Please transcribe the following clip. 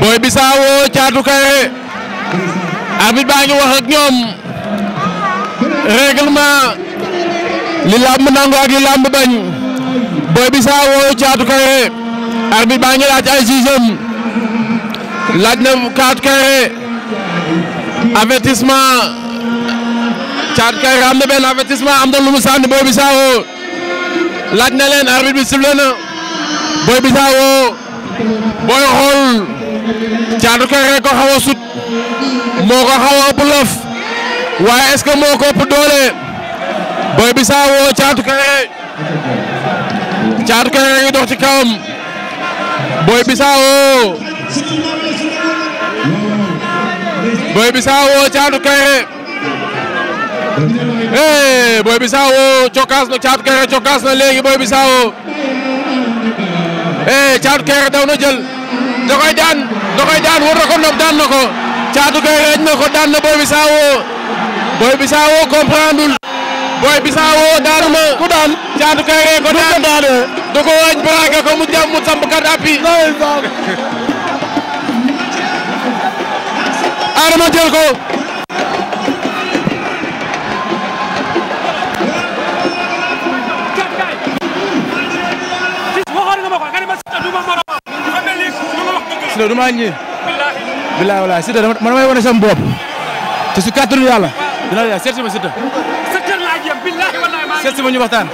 Boy Bissau Thiatou Kairé arbitre baa ngi wax ak ñoom règlement li làmb nangu ak li làmb bañ Boy Bissau Thiatou Kairé arbitre baa ngi laaj ay sixième laaj na Thiatou Kairé avertissement Thiatou Kairé am na benn avertissement am na lu mu laaj na leen arbitre bi sifflé na Boy Bissau booy xool caatu kere ko xaw sut moo ko xaw a ëpp laf waaye est-ce que moo ko ëpp doole booy bisaa woo caatu kere caatu kere ngi dox ci kawam booy bisaa woo booy bisaa woo caatu kere hey booy bisaa woo caatu kere cokkaas na léegi booy bisaa woo eh Thiatou Kairé daw na jël da daan da ko nopp daan na ko Thiatou Kairé añ na ko daan na Boy Bissau Boy Bissau comprendul Boy Bissau daanu ma ku daan Thiatou Kairé ko daan da ko wañ braga ko mu jam mu samp kat appi Adama jël ko Siteu du ma ñi bilaay walaay Siteu man damay wane sama bopp te su kàttanu yàlla dina la seet si ma Siteu seet si ma ñu waxtaan